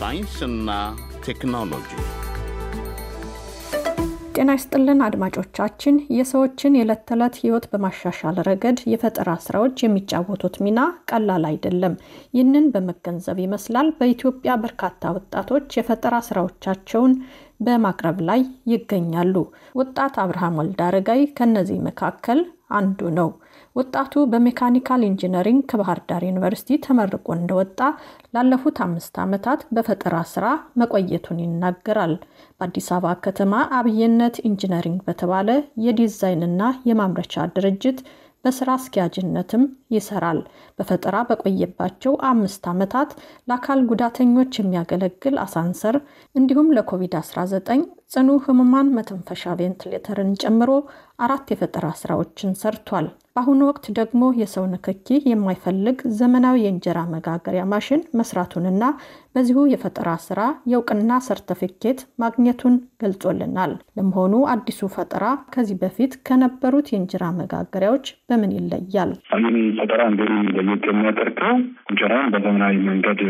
ሳይንስና ቴክኖሎጂ ጤና ይስጥልን አድማጮቻችን። የሰዎችን የዕለት ተዕለት ህይወት በማሻሻል ረገድ የፈጠራ ስራዎች የሚጫወቱት ሚና ቀላል አይደለም። ይህንን በመገንዘብ ይመስላል በኢትዮጵያ በርካታ ወጣቶች የፈጠራ ስራዎቻቸውን በማቅረብ ላይ ይገኛሉ። ወጣት አብርሃም ወልድ አረጋይ ከእነዚህ መካከል አንዱ ነው። ወጣቱ በሜካኒካል ኢንጂነሪንግ ከባህር ዳር ዩኒቨርሲቲ ተመርቆ እንደወጣ ላለፉት አምስት ዓመታት በፈጠራ ስራ መቆየቱን ይናገራል። በአዲስ አበባ ከተማ አብይነት ኢንጂነሪንግ በተባለ የዲዛይንና የማምረቻ ድርጅት በስራ አስኪያጅነትም ይሰራል። በፈጠራ በቆየባቸው አምስት ዓመታት ለአካል ጉዳተኞች የሚያገለግል አሳንሰር እንዲሁም ለኮቪድ-19 ጽኑ ህሙማን መተንፈሻ ቬንትሌተርን ጨምሮ አራት የፈጠራ ስራዎችን ሰርቷል። በአሁኑ ወቅት ደግሞ የሰው ንክኪ የማይፈልግ ዘመናዊ የእንጀራ መጋገሪያ ማሽን መስራቱንና በዚሁ የፈጠራ ስራ የእውቅና ሰርተፊኬት ማግኘቱን ገልጾልናል። ለመሆኑ አዲሱ ፈጠራ ከዚህ በፊት ከነበሩት የእንጀራ መጋገሪያዎች በምን ይለያል? አሁን ፈጠራ እንግዲህ ለየት የሚያደርገው እንጀራን በዘመናዊ መንገድ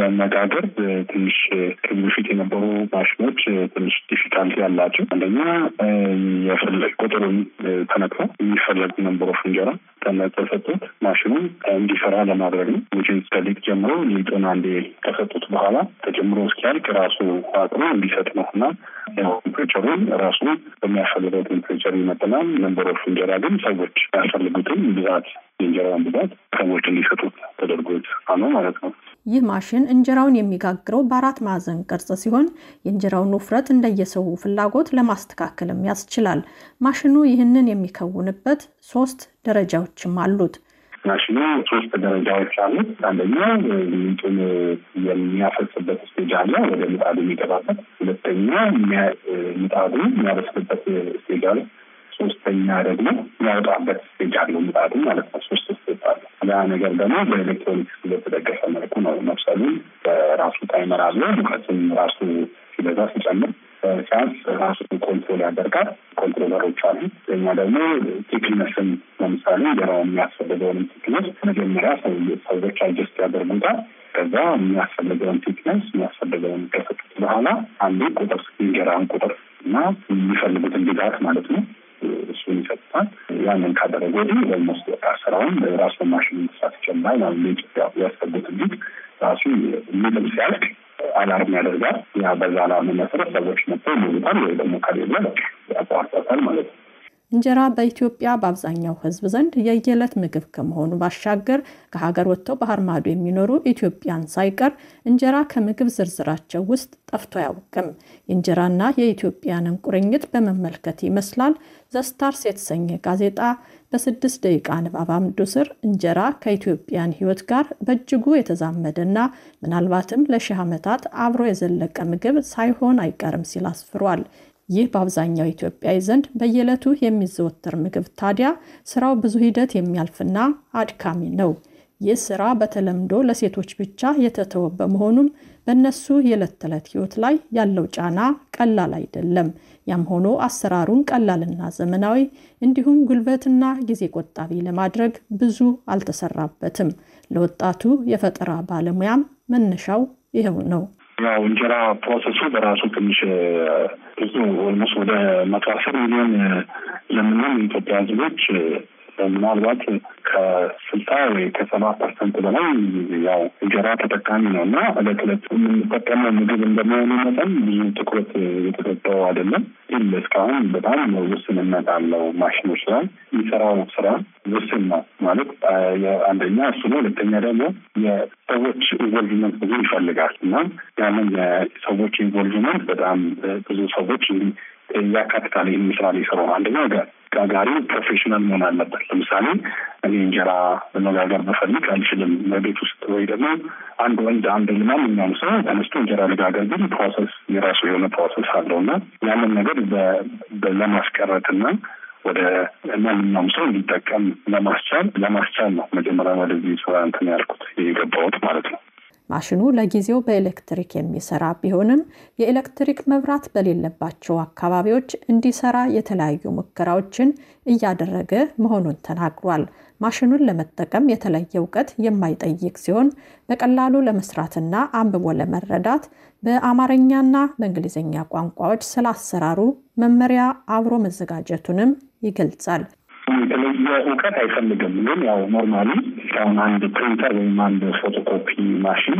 ለመጋገር ትንሽ ከዚህ በፊት የነበሩ ማሽኖች ትንሽ ዲፊካልቲ ያላቸው አንደኛ የፈለግ ቁጥሩን ተነቅፎ የሚፈለጉ መንበሮች እንጀራ ተሰጡት ማሽኑ እንዲሰራ ለማድረግ ነው። ዊችዝ ከሊጥ ጀምሮ ሊጡን አንዴ ከሰጡት በኋላ ተጀምሮ እስኪያልቅ ራሱ አቅሮ እንዲሰጥ ነው እና ቴምፕሬቸሩን ራሱ በሚያስፈልገው ቴምፕሬቸር ይመጥናል። መንበሮች እንጀራ ግን ሰዎች ያስፈልጉትን ብዛት የእንጀራውን ብዛት ሰዎች እንዲሰጡት ተደርጎ ነው ማለት ነው። ይህ ማሽን እንጀራውን የሚጋግረው በአራት ማዕዘን ቅርጽ ሲሆን የእንጀራውን ውፍረት እንደየሰው ፍላጎት ለማስተካከልም ያስችላል። ማሽኑ ይህንን የሚከውንበት ሶስት ደረጃዎችም አሉት። ማሽኑ ሶስት ደረጃዎች አሉት። አንደኛው ምጡን የሚያፈስበት ስቴጅ አለ፣ ወደ ምጣዱ የሚገባበት። ሁለተኛ ምጣዱ የሚያበስልበት ስቴጅ አለ። ሶስተኛ ደግሞ የሚያወጣበት ስቴጅ አለው ምጣዱ ማለት ነው። ሶስት ስቴጅ አለ። ያ ነገር ደግሞ በኤሌክትሮኒክስ በተደገፈ ፀጉር በራሱ ታይመር አለ። ሙቀትም ራሱ ሲበዛ ሲጨምር ሲያንስ ራሱ ኮንትሮል ያደርጋል። ኮንትሮለሮች አሉ። እኛ ደግሞ ቴክነስን ለምሳሌ ገራው የሚያስፈልገውንም ቴክነስ መጀመሪያ ሰዎች አጀስት ያደርጉታል። ከዛ የሚያስፈልገውን ቴክነስ የሚያስፈልገውን ከሰጡት በኋላ አንዱ ቁጥር እንጀራን ቁጥር እና የሚፈልጉትን ድጋት ማለት ነው እሱን ይሰጡታል። ያንን ካደረገ ወዲህ ኦልሞስት በቃ ስራውን ራሱን ማሽን መስራት ይጀምራል ማለት ነው። ያስፈልጉት ራሱ ምንም ሲያልቅ አላርም ያደርጋል። ያ በዛ አላርም መሰረት ሰዎች መጥተው ይሉታል ወይ ደግሞ ከሌለ ያቋርጠታል ማለት ነው። እንጀራ በኢትዮጵያ በአብዛኛው ሕዝብ ዘንድ የየዕለት ምግብ ከመሆኑ ባሻገር ከሀገር ወጥተው ባህር ማዶ የሚኖሩ ኢትዮጵያን ሳይቀር እንጀራ ከምግብ ዝርዝራቸው ውስጥ ጠፍቶ አያውቅም። የእንጀራና የኢትዮጵያንን ቁርኝት በመመልከት ይመስላል ዘስታርስ የተሰኘ ጋዜጣ በስድስት ደቂቃ ንባብ አምዱ ስር እንጀራ ከኢትዮጵያን ህይወት ጋር በእጅጉ የተዛመደና ምናልባትም ለሺህ ዓመታት አብሮ የዘለቀ ምግብ ሳይሆን አይቀርም ሲል አስፍሯል። ይህ በአብዛኛው ኢትዮጵያዊ ዘንድ በየዕለቱ የሚዘወተር ምግብ ታዲያ ስራው ብዙ ሂደት የሚያልፍና አድካሚ ነው። ይህ ስራ በተለምዶ ለሴቶች ብቻ የተተወ በመሆኑም በእነሱ የዕለት ተዕለት ህይወት ላይ ያለው ጫና ቀላል አይደለም። ያም ሆኖ አሰራሩን ቀላልና ዘመናዊ እንዲሁም ጉልበትና ጊዜ ቆጣቢ ለማድረግ ብዙ አልተሰራበትም። ለወጣቱ የፈጠራ ባለሙያም መነሻው ይኸው ነው። ያው እንጀራ ፕሮሰሱ በራሱ ትንሽ ብዙ ኦልሞስት ወደ መቶ አስር ሚሊዮን ለምንም ኢትዮጵያ ህዝቦች ምናልባት ከስልሳ ወይ ከሰባ ፐርሰንት በላይ ያው እንጀራ ተጠቃሚ ነው እና እለት እለት የምንጠቀመው ምግብ እንደመሆኑ መጠን ብዙ ትኩረት የተሰጠው አይደለም። ግን እስካሁን በጣም ውስንነት አለው። ማሽኖች ላይ የሚሰራው ስራ ውስን ነው ማለት አንደኛ እሱ ነው። ሁለተኛ ደግሞ የሰዎች ኢንቮልቭመንት ብዙ ይፈልጋል እና ያንን የሰዎች ኢንቮልቭመንት በጣም ብዙ ሰዎች ያካትታል። ይህን ስራ ሊሰሩ አንደኛ ጋጋሪ ፕሮፌሽናል መሆን አለበት። ለምሳሌ እኔ እንጀራ መጋገር ብፈልግ አልችልም በቤት ውስጥ ወይ ደግሞ አንድ ወንድ አንድ ልማል ማንኛውም ሰው ተነስቶ እንጀራ ልጋገር ግን ፕሮሰስ የራሱ የሆነ ፕሮሰስ አለው እና ያንን ነገር ለማስቀረትና ወደ ማንኛውም ሰው እንዲጠቀም ለማስቻል ለማስቻል ነው መጀመሪያ ወደዚህ ስራ እንትን ያልኩት የገባሁት ማለት ነው። ማሽኑ ለጊዜው በኤሌክትሪክ የሚሰራ ቢሆንም የኤሌክትሪክ መብራት በሌለባቸው አካባቢዎች እንዲሰራ የተለያዩ ሙከራዎችን እያደረገ መሆኑን ተናግሯል። ማሽኑን ለመጠቀም የተለየ እውቀት የማይጠይቅ ሲሆን በቀላሉ ለመስራትና አንብቦ ለመረዳት በአማርኛና በእንግሊዝኛ ቋንቋዎች ስለ አሰራሩ መመሪያ አብሮ መዘጋጀቱንም ይገልጻል። የተለየ እውቀት አይፈልግም። ግን ያው ኖርማሊ ሁን አንድ ፕሪንተር ወይም አንድ ፎቶኮፒ ማሽን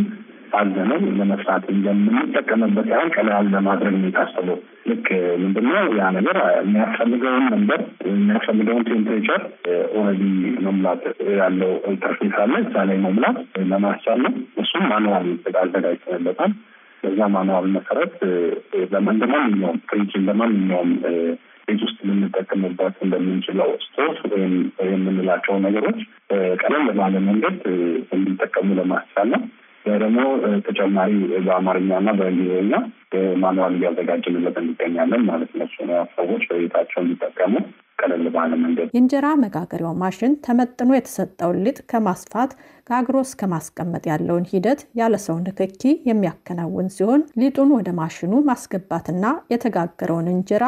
አዘነው ለመስራት እንደምንጠቀምበት ያህል ቀላል ለማድረግ ነው የታሰበው። ልክ ምንድነው ያ ነገር የሚያስፈልገውን ነንበር የሚያስፈልገውን ቴምፕሬቸር ኦልሬዲ መሙላት ያለው ኢንተርፌስ አለ። እዛ ላይ መሙላት ለማስቻል ነው። እሱም ማንዋል አዘጋጅተንበታል። በዛ ማንዋል መሰረት ለማንኛውም ፕሪንት ለማንኛውም ቤት ውስጥ ልንጠቀምበት እንደምንችለው ስፖርት ወይም የምንላቸው ነገሮች ቀለል ባለ መንገድ እንዲጠቀሙ ለማስቻል ነው። ደግሞ ተጨማሪ በአማርኛና በእንግሊዝኛ ማኑዋል እያዘጋጅንለት እንገኛለን ማለት ነው። እሱ ነው ሰዎች በቤታቸው እንዲጠቀሙ ቀለል ባለ መንገድ የእንጀራ መጋገሪያው ማሽን ተመጥኖ የተሰጠውን ሊጥ ከማስፋት ጋግሮ እስከ ማስቀመጥ ያለውን ሂደት ያለ ሰው ንክኪ የሚያከናውን ሲሆን ሊጡን ወደ ማሽኑ ማስገባትና የተጋገረውን እንጀራ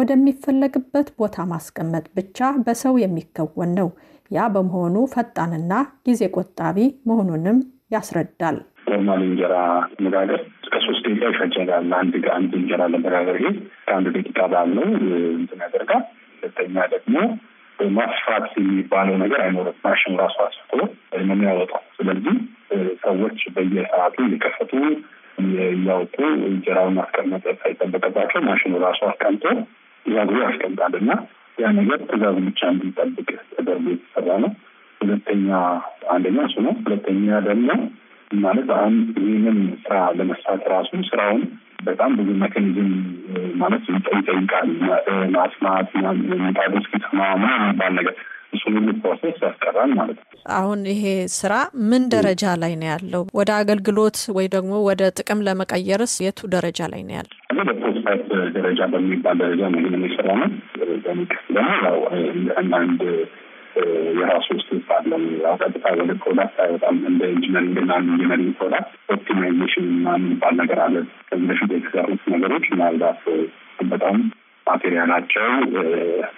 ወደሚፈለግበት ቦታ ማስቀመጥ ብቻ በሰው የሚከወን ነው። ያ በመሆኑ ፈጣንና ጊዜ ቆጣቢ መሆኑንም ያስረዳል። ኖርማል እንጀራ መጋገር እስከ ሶስት ደቂቃ ይፈጀጋል። አንድ አንድ እንጀራ ለመጋገር ግን ከአንድ ደቂቃ ባለው እንትን ያደርጋል። ሁለተኛ ደግሞ ማስፋት የሚባለው ነገር አይኖርም። ማሽን ራሱ አስፍቶ ነው የሚያወጣው። ስለዚህ ሰዎች በየሰዓቱ እየከፈቱ እያወጡ እንጀራውን ማስቀመጥ ሳይጠበቅባቸው ማሽኑ ራሱ አስቀምጦ ያግሩ ያስቀምጣል እና ያ ነገር ትእዛዝ ብቻ እንዲጠብቅ ተደርጎ የተሰራ ነው። ሁለተኛ አንደኛ እሱ ነው። ሁለተኛ ደግሞ ማለት አሁን ይህንን ስራ ለመስራት ራሱ ስራውን በጣም ብዙ መካኒዝም ማለት ይጠይቃል። ማስማት ምጣዶ እስኪሰማ ምን የሚባል ነገር እሱ ሁሉ ፕሮሴስ ያስቀራል ማለት ነው። አሁን ይሄ ስራ ምን ደረጃ ላይ ነው ያለው? ወደ አገልግሎት ወይ ደግሞ ወደ ጥቅም ለመቀየርስ የቱ ደረጃ ላይ ነው ያለው? በጥበት ደረጃ በሚባል ደረጃ ነው ይህን የሚሰራ ነው። በንቅስ ደግሞ ያው አንዳንድ የራሱ ውስጥ አለው ያው ቀጥታ ወደ ፕሮዳክት አይወጣም። እንደ ኢንጂነሪንግ እና ኢንጂነሪንግ ፕሮዳክት ኦፕቲማይዜሽን እና የሚባል ነገር አለ። ከዚህ በፊት የተሰሩት ነገሮች ምናልባት በጣም ማቴሪያላቸው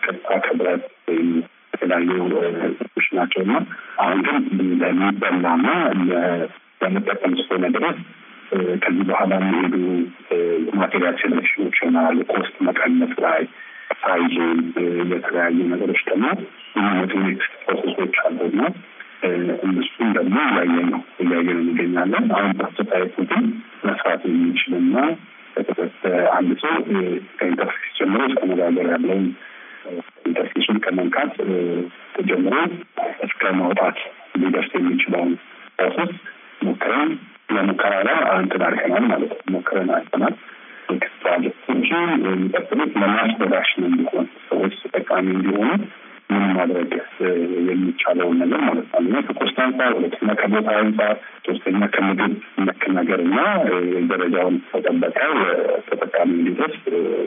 ቀጥታ ከብረት ወይም የተለያዩ ሽ ናቸው እና አሁን ግን ለሚበላና ለመጠቀም እስከሆነ ድረስ ከዚህ በኋላ የሚሄዱ ማቴሪያል ሴሌክሽኖች እና የኮስት መቀነስ ላይ ሳይሌን የተለያዩ ነገሮች ደግሞ የሚመጡ ኔክስት ፕሮሰሶች አሉና እነሱም ደግሞ እያየ ነው እያየ ነው እንገኛለን። አሁን በአስተታየቱ ግን መስራት የሚችል የሚችልና አንድ ሰው ከኢንተርፌስ ጀምሮ እስከ መጋገር ያለውን ኢንተርፌሱን ከመንካት ተጀምሮ እስከ ማውጣት ሊደርስ የሚችለውን ፕሮሰስ ሞክረን ለሙከራ ላይ እንትን አድርገናል ማለት ነው። ሞክረን አይተናል። ፕሮጀክት እንጂ የሚቀጥሉት ለማስተዳሽ ነው የሚሆን ሰዎች ተጠቃሚ እንዲሆኑ ምን ማድረግ የሚቻለውን ነገር ማለት ነው። አንደኛ ከኮስት አንጻር፣ ሁለተኛ ከቦታ አንጻር፣ ሶስተኛ ከምግብ ነክ ነገር እና ደረጃውን ተጠበቀ ተጠቃሚ እንዲደርስ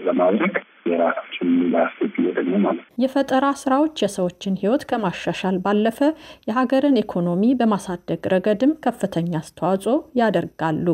ለማድረግ የራሳችን ሚና ደግሞ ማለት ነው። የፈጠራ ስራዎች የሰዎችን ህይወት ከማሻሻል ባለፈ የሀገርን ኢኮኖሚ በማሳደግ ረገድም ከፍተኛ አስተዋጽኦ ያደርጋሉ።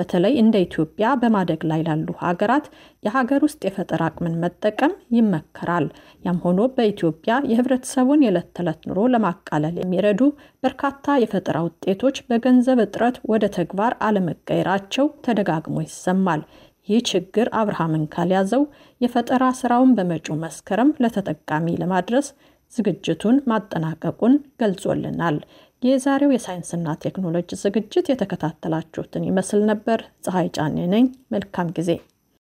በተለይ እንደ ኢትዮጵያ በማደግ ላይ ላሉ ሀገራት የሀገር ውስጥ የፈጠራ አቅምን መጠቀም ይመከራል። ያም ሆኖ በኢትዮጵያ የህብረተሰቡን የዕለት ተዕለት ኑሮ ለማቃለል የሚረዱ በርካታ የፈጠራ ውጤቶች በገንዘብ እጥረት ወደ ተግባር አለመቀየራቸው ተደጋግሞ ይሰማል። ይህ ችግር አብርሃምን ካልያዘው የፈጠራ ስራውን በመጪው መስከረም ለተጠቃሚ ለማድረስ ዝግጅቱን ማጠናቀቁን ገልጾልናል። የዛሬው የሳይንስና ቴክኖሎጂ ዝግጅት የተከታተላችሁትን ይመስል ነበር። ፀሐይ ጫኔ ነኝ። መልካም ጊዜ